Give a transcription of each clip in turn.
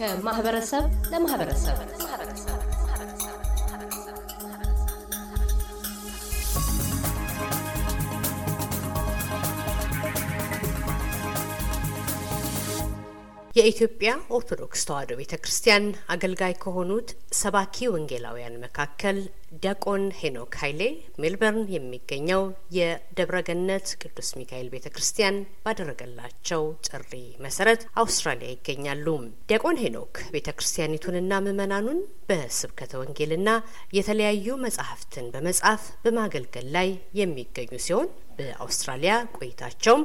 ከማህበረሰብ ለማህበረሰብ የኢትዮጵያ ኦርቶዶክስ ተዋሕዶ ቤተ ክርስቲያን አገልጋይ ከሆኑት ሰባኪ ወንጌላውያን መካከል ዲያቆን ሄኖክ ኃይሌ ሜልበርን የሚገኘው የደብረገነት ቅዱስ ሚካኤል ቤተ ክርስቲያን ባደረገላቸው ጥሪ መሰረት አውስትራሊያ ይገኛሉ። ዲያቆን ሄኖክ ቤተ ክርስቲያኒቱንና ምዕመናኑን በስብከተ ወንጌልና የተለያዩ መጽሐፍትን በመጻፍ በማገልገል ላይ የሚገኙ ሲሆን በአውስትራሊያ ቆይታቸውም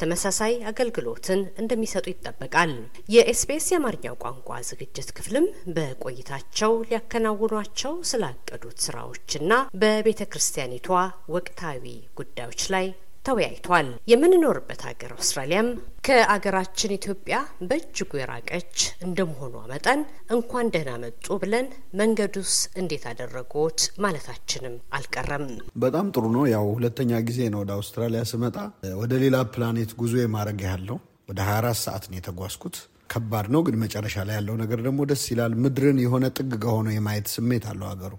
ተመሳሳይ አገልግሎትን እንደሚሰጡ ይጠበቃል። የኤስቢኤስ የአማርኛው ቋንቋ ዝግጅት ክፍልም በቆይታቸው ሊያከናውኗቸው ስላቀዱት ስራዎችና በቤተ ክርስቲያኒቷ ወቅታዊ ጉዳዮች ላይ ተወያይቷል። የምንኖርበት ሀገር አውስትራሊያም ከአገራችን ኢትዮጵያ በእጅጉ የራቀች እንደመሆኗ መጠን እንኳን ደህና መጡ ብለን መንገዱስ እንዴት አደረጉት ማለታችንም አልቀረም። በጣም ጥሩ ነው። ያው ሁለተኛ ጊዜ ነው ወደ አውስትራሊያ ስመጣ ወደ ሌላ ፕላኔት ጉዞ የማድረግ ያህል ነው። ወደ 24 ሰዓት ነው የተጓዝኩት። ከባድ ነው፣ ግን መጨረሻ ላይ ያለው ነገር ደግሞ ደስ ይላል። ምድርን የሆነ ጥግ ከሆነ የማየት ስሜት አለው ሀገሩ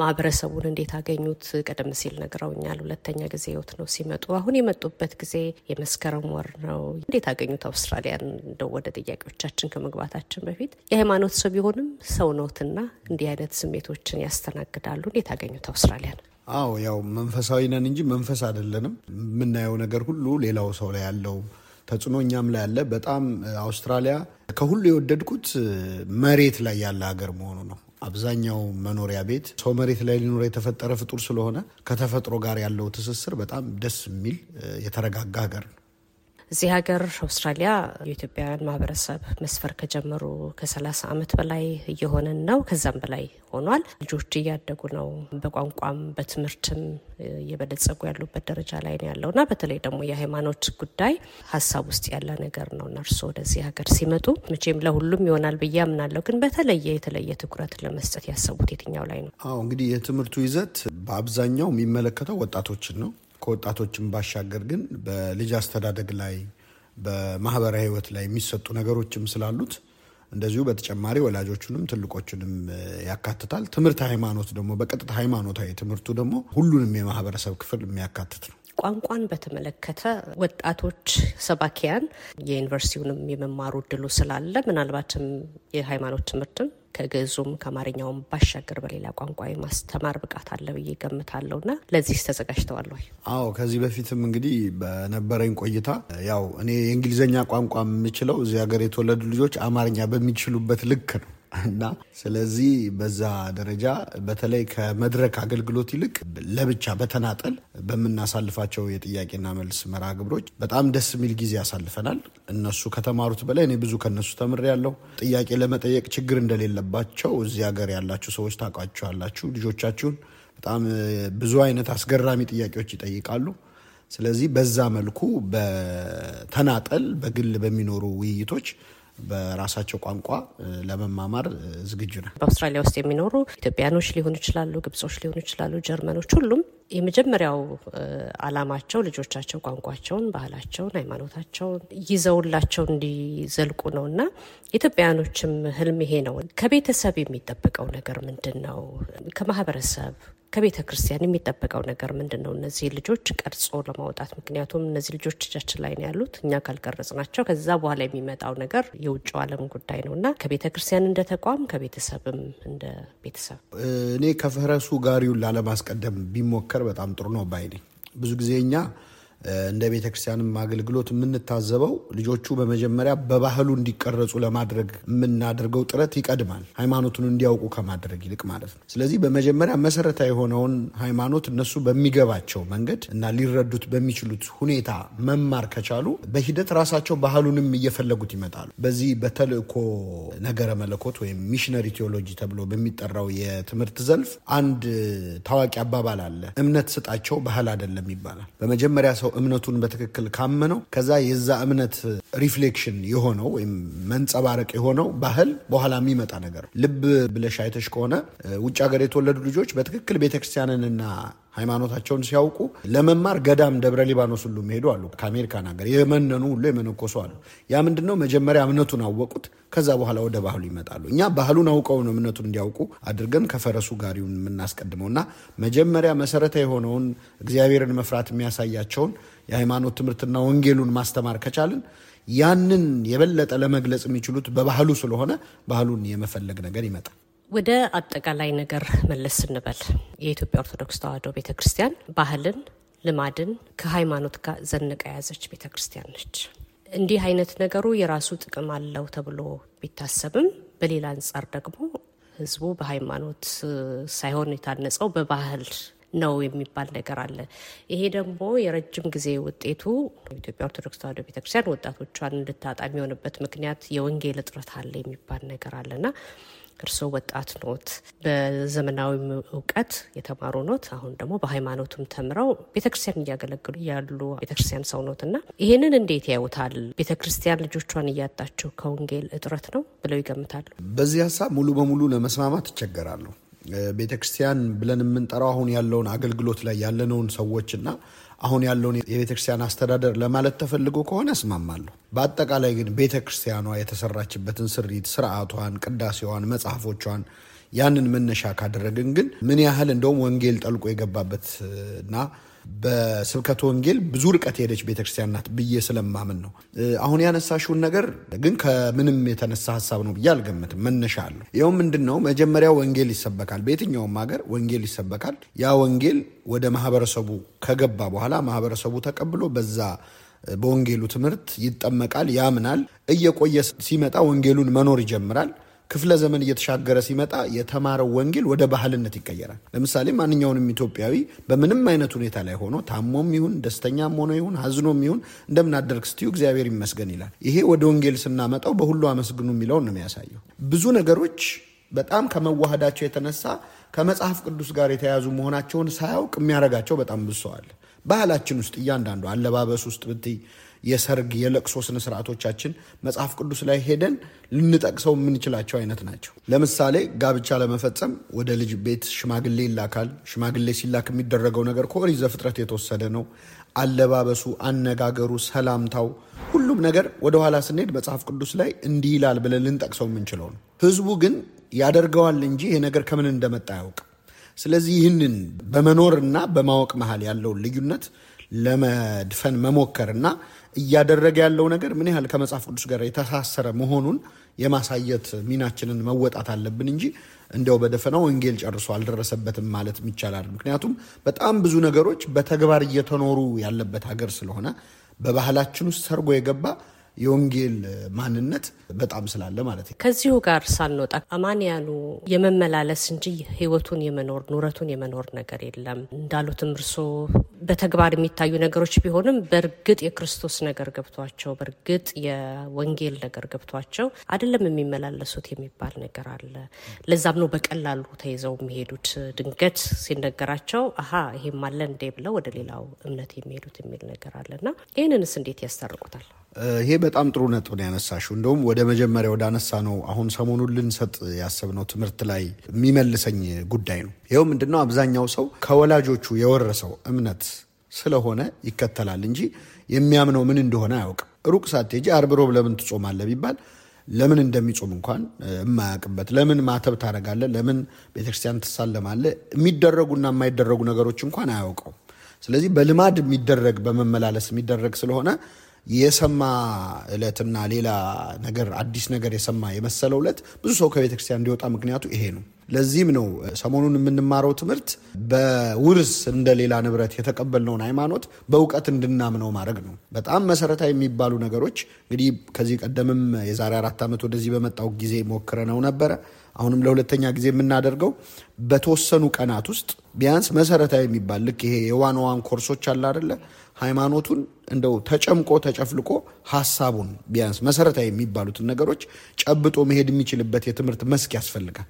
ማህበረሰቡን እንዴት አገኙት? ቀደም ሲል ነግረውኛል። ሁለተኛ ጊዜ ህይወት ነው ሲመጡ። አሁን የመጡበት ጊዜ የመስከረም ወር ነው። እንዴት አገኙት አውስትራሊያን? እንደው ወደ ጥያቄዎቻችን ከመግባታችን በፊት የሃይማኖት ሰው ቢሆንም ሰው ነውትና እንዲህ አይነት ስሜቶችን ያስተናግዳሉ። እንዴት አገኙት አውስትራሊያን? አዎ ያው መንፈሳዊ ነን እንጂ መንፈስ አይደለንም። የምናየው ነገር ሁሉ ሌላው ሰው ላይ ያለው ተጽዕኖ እኛም ላይ ያለ በጣም አውስትራሊያ ከሁሉ የወደድኩት መሬት ላይ ያለ ሀገር መሆኑ ነው። አብዛኛው መኖሪያ ቤት ሰው መሬት ላይ ሊኖር የተፈጠረ ፍጡር ስለሆነ ከተፈጥሮ ጋር ያለው ትስስር በጣም ደስ የሚል የተረጋጋ ሀገር ነው። እዚህ ሀገር አውስትራሊያ የኢትዮጵያውያን ማህበረሰብ መስፈር ከጀመሩ ከሰላሳ ዓመት በላይ እየሆነን ነው። ከዛም በላይ ሆኗል። ልጆች እያደጉ ነው። በቋንቋም በትምህርትም እየበለጸጉ ያሉበት ደረጃ ላይ ነው ያለው እና በተለይ ደግሞ የሃይማኖት ጉዳይ ሀሳብ ውስጥ ያለ ነገር ነው እና ወደዚህ ሀገር ሲመጡ መቼም ለሁሉም ይሆናል ብዬ አምናለሁ። ግን በተለየ የተለየ ትኩረት ለመስጠት ያሰቡት የትኛው ላይ ነው? አዎ እንግዲህ የትምህርቱ ይዘት በአብዛኛው የሚመለከተው ወጣቶችን ነው። ከወጣቶችን ባሻገር ግን በልጅ አስተዳደግ ላይ በማህበራዊ ህይወት ላይ የሚሰጡ ነገሮችም ስላሉት እንደዚሁ በተጨማሪ ወላጆቹንም ትልቆቹንም ያካትታል። ትምህርት ሃይማኖት ደግሞ በቀጥታ ሃይማኖታዊ ትምህርቱ ደግሞ ሁሉንም የማህበረሰብ ክፍል የሚያካትት ነው። ቋንቋን በተመለከተ ወጣቶች ሰባኪያን የዩኒቨርሲቲውንም የመማሩ እድሉ ስላለ ምናልባትም የሃይማኖት ትምህርትም ከግዕዙም ከአማርኛውም ባሻገር በሌላ ቋንቋ የማስተማር ብቃት አለ ብዬ ገምታለሁ ና ለዚህ ተዘጋጅተዋል ወይ? አዎ ከዚህ በፊትም እንግዲህ በነበረኝ ቆይታ ያው እኔ የእንግሊዝኛ ቋንቋ የምችለው እዚህ ሀገር የተወለዱ ልጆች አማርኛ በሚችሉበት ልክ ነው። እና ስለዚህ በዛ ደረጃ በተለይ ከመድረክ አገልግሎት ይልቅ ለብቻ በተናጠል በምናሳልፋቸው የጥያቄና መልስ መርሃ ግብሮች በጣም ደስ የሚል ጊዜ ያሳልፈናል። እነሱ ከተማሩት በላይ እኔ ብዙ ከነሱ ተምሬያለሁ። ጥያቄ ለመጠየቅ ችግር እንደሌለባቸው እዚህ ሀገር ያላችሁ ሰዎች ታውቋቸዋላችሁ። ልጆቻችሁን በጣም ብዙ አይነት አስገራሚ ጥያቄዎች ይጠይቃሉ። ስለዚህ በዛ መልኩ በተናጠል በግል በሚኖሩ ውይይቶች በራሳቸው ቋንቋ ለመማማር ዝግጁ ነው። በአውስትራሊያ ውስጥ የሚኖሩ ኢትዮጵያኖች ሊሆኑ ይችላሉ፣ ግብጾች ሊሆኑ ይችላሉ፣ ጀርመኖች፣ ሁሉም የመጀመሪያው አላማቸው ልጆቻቸው ቋንቋቸውን፣ ባህላቸውን፣ ሃይማኖታቸውን ይዘውላቸው እንዲዘልቁ ነው እና ኢትዮጵያኖችም ህልም ይሄ ነው። ከቤተሰብ የሚጠበቀው ነገር ምንድን ነው? ከማህበረሰብ ከቤተ ክርስቲያን የሚጠበቀው ነገር ምንድን ነው? እነዚህ ልጆች ቀርጾ ለማውጣት ምክንያቱም እነዚህ ልጆች እጃችን ላይ ነው ያሉት እኛ ካልቀረጽ ናቸው ከዛ በኋላ የሚመጣው ነገር የውጭው ዓለም ጉዳይ ነው እና ከቤተ ክርስቲያን እንደ ተቋም ከቤተሰብም እንደ ቤተሰብ እኔ ከፈረሱ ጋሪውን ላለማስቀደም ቢሞከር በጣም ጥሩ ነው ባይ ነኝ። ብዙ ጊዜ እኛ እንደ ቤተ ክርስቲያንም አገልግሎት የምንታዘበው ልጆቹ በመጀመሪያ በባህሉ እንዲቀረጹ ለማድረግ የምናደርገው ጥረት ይቀድማል፣ ሃይማኖቱን እንዲያውቁ ከማድረግ ይልቅ ማለት ነው። ስለዚህ በመጀመሪያ መሰረታዊ የሆነውን ሃይማኖት እነሱ በሚገባቸው መንገድ እና ሊረዱት በሚችሉት ሁኔታ መማር ከቻሉ በሂደት ራሳቸው ባህሉንም እየፈለጉት ይመጣሉ። በዚህ በተልእኮ ነገረ መለኮት ወይም ሚሽነሪ ቴዎሎጂ ተብሎ በሚጠራው የትምህርት ዘልፍ አንድ ታዋቂ አባባል አለ። እምነት ስጣቸው ባህል አይደለም ይባላል። በመጀመሪያ ሰው ሰው እምነቱን በትክክል ካመነው ከዛ የዛ እምነት ሪፍሌክሽን የሆነው ወይም መንጸባረቅ የሆነው ባህል በኋላ የሚመጣ ነገር ልብ ብለሽ አይተሽ ከሆነ ውጭ ሀገር የተወለዱ ልጆች በትክክል ቤተክርስቲያንንና ሃይማኖታቸውን ሲያውቁ ለመማር ገዳም ደብረ ሊባኖስ ሁሉ የሚሄዱ አሉ። ከአሜሪካን ሀገር የመነኑ ሁሉ የመነኮሱ አሉ። ያ ምንድነው ነው? መጀመሪያ እምነቱን አወቁት። ከዛ በኋላ ወደ ባህሉ ይመጣሉ። እኛ ባህሉን አውቀው ነው እምነቱን እንዲያውቁ አድርገን ከፈረሱ ጋሪውን የምናስቀድመው እና መጀመሪያ መሰረተ የሆነውን እግዚአብሔርን መፍራት የሚያሳያቸውን የሃይማኖት ትምህርትና ወንጌሉን ማስተማር ከቻልን ያንን የበለጠ ለመግለጽ የሚችሉት በባህሉ ስለሆነ ባህሉን የመፈለግ ነገር ይመጣል። ወደ አጠቃላይ ነገር መለስ ስንበል የኢትዮጵያ ኦርቶዶክስ ተዋሕዶ ቤተ ክርስቲያን ባህልን፣ ልማድን ከሃይማኖት ጋር ዘንቃ የያዘች ቤተ ክርስቲያን ነች። እንዲህ አይነት ነገሩ የራሱ ጥቅም አለው ተብሎ ቢታሰብም በሌላ አንጻር ደግሞ ህዝቡ በሃይማኖት ሳይሆን የታነጸው በባህል ነው የሚባል ነገር አለ። ይሄ ደግሞ የረጅም ጊዜ ውጤቱ ኢትዮጵያ ኦርቶዶክስ ተዋሕዶ ቤተክርስቲያን ወጣቶቿን እንድታጣ የሚሆንበት ምክንያት የወንጌል እጥረት አለ የሚባል ነገር አለና እርስዎ ወጣት ኖት፣ በዘመናዊ እውቀት የተማሩ ኖት። አሁን ደግሞ በሃይማኖቱም ተምረው ቤተክርስቲያን እያገለግሉ ያሉ ቤተክርስቲያን ሰው ኖት እና ይህንን እንዴት ያዩታል? ቤተክርስቲያን ልጆቿን እያጣቸው ከወንጌል እጥረት ነው ብለው ይገምታሉ? በዚህ ሀሳብ ሙሉ በሙሉ ለመስማማት ይቸገራሉ። ቤተ ክርስቲያን ብለን የምንጠራው አሁን ያለውን አገልግሎት ላይ ያለነውን ሰዎች እና አሁን ያለውን የቤተ ክርስቲያን አስተዳደር ለማለት ተፈልጎ ከሆነ እስማማለሁ። በአጠቃላይ ግን ቤተ ክርስቲያኗ የተሰራችበትን ስሪት፣ ስርዓቷን፣ ቅዳሴዋን፣ መጽሐፎቿን ያንን መነሻ ካደረግን ግን ምን ያህል እንደውም ወንጌል ጠልቆ የገባበት እና በስብከት ወንጌል ብዙ ርቀት የሄደች ቤተክርስቲያን ናት ብዬ ስለማምን ነው። አሁን ያነሳሽውን ነገር ግን ከምንም የተነሳ ሀሳብ ነው ብዬ አልገምትም። መነሻ አለው። ይኸው ምንድን ነው መጀመሪያ ወንጌል ይሰበካል። በየትኛውም ሀገር ወንጌል ይሰበካል። ያ ወንጌል ወደ ማህበረሰቡ ከገባ በኋላ ማህበረሰቡ ተቀብሎ በዛ በወንጌሉ ትምህርት ይጠመቃል፣ ያምናል። እየቆየ ሲመጣ ወንጌሉን መኖር ይጀምራል። ክፍለ ዘመን እየተሻገረ ሲመጣ የተማረው ወንጌል ወደ ባህልነት ይቀየራል። ለምሳሌ ማንኛውንም ኢትዮጵያዊ በምንም አይነት ሁኔታ ላይ ሆኖ ታሞም ይሁን ደስተኛም ሆኖ ይሁን አዝኖም ይሁን እንደምናደርግ ስትዩ እግዚአብሔር ይመስገን ይላል። ይሄ ወደ ወንጌል ስናመጣው በሁሉ አመስግኑ የሚለውን ነው የሚያሳየው። ብዙ ነገሮች በጣም ከመዋሃዳቸው የተነሳ ከመጽሐፍ ቅዱስ ጋር የተያያዙ መሆናቸውን ሳያውቅ የሚያደርጋቸው በጣም ብሰዋል። አለ። ባህላችን ውስጥ እያንዳንዱ አለባበስ ውስጥ ብትይ የሰርግ የለቅሶ ስነ ስርዓቶቻችን መጽሐፍ ቅዱስ ላይ ሄደን ልንጠቅሰው የምንችላቸው አይነት ናቸው። ለምሳሌ ጋብቻ ለመፈጸም ወደ ልጅ ቤት ሽማግሌ ይላካል። ሽማግሌ ሲላክ የሚደረገው ነገር ከኦሪት ዘፍጥረት የተወሰደ ነው። አለባበሱ፣ አነጋገሩ፣ ሰላምታው፣ ሁሉም ነገር ወደኋላ ስንሄድ መጽሐፍ ቅዱስ ላይ እንዲህ ይላል ብለን ልንጠቅሰው የምንችለው ነው። ህዝቡ ግን ያደርገዋል እንጂ ይሄ ነገር ከምን እንደመጣ ያውቅ። ስለዚህ ይህንን በመኖርና በማወቅ መሀል ያለውን ልዩነት ለመድፈን መሞከርና እያደረገ ያለው ነገር ምን ያህል ከመጽሐፍ ቅዱስ ጋር የተሳሰረ መሆኑን የማሳየት ሚናችንን መወጣት አለብን እንጂ እንዲያው በደፈናው ወንጌል ጨርሶ አልደረሰበትም ማለት ይቻላል። ምክንያቱም በጣም ብዙ ነገሮች በተግባር እየተኖሩ ያለበት ሀገር ስለሆነ በባህላችን ውስጥ ሰርጎ የገባ የወንጌል ማንነት በጣም ስላለ ማለት ነው። ከዚሁ ጋር ሳንወጣ አማንያኑ የመመላለስ እንጂ ህይወቱን የመኖር ኑረቱን የመኖር ነገር የለም እንዳሉትም እርሶ በተግባር የሚታዩ ነገሮች ቢሆንም በእርግጥ የክርስቶስ ነገር ገብቷቸው በእርግጥ የወንጌል ነገር ገብቷቸው አይደለም የሚመላለሱት የሚባል ነገር አለ። ለዛም ነው በቀላሉ ተይዘው የሚሄዱት ድንገት ሲነገራቸው አሀ ይሄም አለ እንዴ ብለው ወደ ሌላው እምነት የሚሄዱት የሚል ነገር አለና ይህንንስ እንዴት ያስታርቁታል? ይሄ በጣም ጥሩ ነጥብ ነው ያነሳሽው። እንደውም ወደ መጀመሪያ ወደ አነሳ ነው አሁን ሰሞኑን ልንሰጥ ያሰብነው ትምህርት ላይ የሚመልሰኝ ጉዳይ ነው። ይኸው ምንድነው አብዛኛው ሰው ከወላጆቹ የወረሰው እምነት ስለሆነ ይከተላል እንጂ የሚያምነው ምን እንደሆነ አያውቅም። ሩቅ ሳትሄጂ ዓርብ ሮብ ለምን ትጾማለህ ቢባል ለምን እንደሚጾም እንኳን የማያውቅበት፣ ለምን ማተብ ታደርጋለህ፣ ለምን ቤተክርስቲያን ትሳለማለህ፣ የሚደረጉና የማይደረጉ ነገሮች እንኳን አያውቀው። ስለዚህ በልማድ የሚደረግ በመመላለስ የሚደረግ ስለሆነ የሰማ እለትና ሌላ ነገር አዲስ ነገር የሰማ የመሰለው እለት ብዙ ሰው ከቤተክርስቲያን እንዲወጣ ምክንያቱ ይሄ ነው። ለዚህም ነው ሰሞኑን የምንማረው ትምህርት በውርስ እንደ ሌላ ንብረት የተቀበልነውን ሃይማኖት በእውቀት እንድናምነው ማድረግ ነው። በጣም መሰረታዊ የሚባሉ ነገሮች እንግዲህ ከዚህ ቀደምም የዛሬ አራት ዓመት ወደዚህ በመጣው ጊዜ ሞክረነው ነበረ። አሁንም ለሁለተኛ ጊዜ የምናደርገው በተወሰኑ ቀናት ውስጥ ቢያንስ መሰረታዊ የሚባል ልክ ይሄ የዋን ዋን ኮርሶች አለ አደለ ሃይማኖቱን እንደው ተጨምቆ ተጨፍልቆ ሀሳቡን ቢያንስ መሰረታዊ የሚባሉትን ነገሮች ጨብጦ መሄድ የሚችልበት የትምህርት መስክ ያስፈልጋል።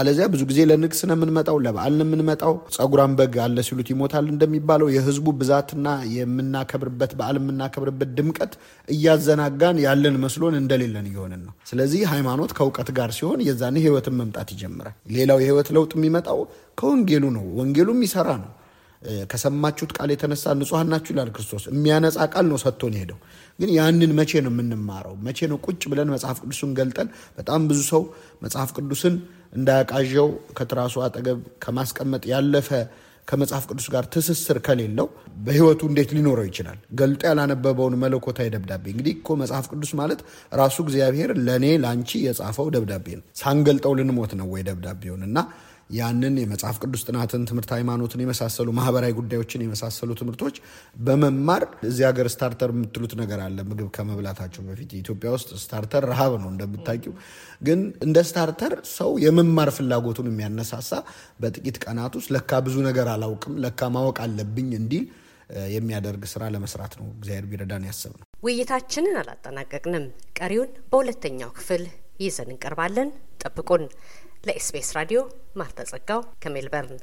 አለዚያ ብዙ ጊዜ ለንግስ ነው የምንመጣው፣ ለበዓል ነው የምንመጣው። ጸጉራን በግ አለ ሲሉት ይሞታል እንደሚባለው የህዝቡ ብዛትና የምናከብርበት በዓል የምናከብርበት ድምቀት እያዘናጋን ያለን መስሎን እንደሌለን እየሆንን ነው። ስለዚህ ሃይማኖት ከእውቀት ጋር ሲሆን የዛኔ ህይወትን መምጣት ይጀምራል። ሌላው የህይወት ለውጥ የሚመጣው ከወንጌሉ ነው። ወንጌሉ የሚሰራ ነው። ከሰማችሁት ቃል የተነሳ ንጹሐን ናችሁ ይላል ክርስቶስ። የሚያነጻ ቃል ነው ሰጥቶን ሄደው። ግን ያንን መቼ ነው የምንማረው? መቼ ነው ቁጭ ብለን መጽሐፍ ቅዱስን ገልጠን? በጣም ብዙ ሰው መጽሐፍ ቅዱስን እንዳያቃዣው ከትራሱ አጠገብ ከማስቀመጥ ያለፈ ከመጽሐፍ ቅዱስ ጋር ትስስር ከሌለው በህይወቱ እንዴት ሊኖረው ይችላል? ገልጦ ያላነበበውን መለኮታዊ ደብዳቤ እንግዲህ እኮ መጽሐፍ ቅዱስ ማለት ራሱ እግዚአብሔር ለእኔ ለአንቺ የጻፈው ደብዳቤ ነው። ሳንገልጠው ልንሞት ነው ወይ ደብዳቤውን እና ያንን የመጽሐፍ ቅዱስ ጥናትን ትምህርት፣ ሃይማኖትን የመሳሰሉ ማህበራዊ ጉዳዮችን የመሳሰሉ ትምህርቶች በመማር እዚህ ሀገር ስታርተር የምትሉት ነገር አለ። ምግብ ከመብላታቸው በፊት ኢትዮጵያ ውስጥ ስታርተር ረሃብ ነው እንደምታውቂው። ግን እንደ ስታርተር ሰው የመማር ፍላጎቱን የሚያነሳሳ በጥቂት ቀናት ውስጥ ለካ ብዙ ነገር አላውቅም፣ ለካ ማወቅ አለብኝ እንዲል የሚያደርግ ስራ ለመስራት ነው እግዚአብሔር ቢረዳን ያሰብ ነው። ውይይታችንን አላጠናቀቅንም። ቀሪውን በሁለተኛው ክፍል ይዘን እንቀርባለን። ጠብቁን። ለኤስቤስ ራዲዮ ማርታ ጸጋው ከሜልበርን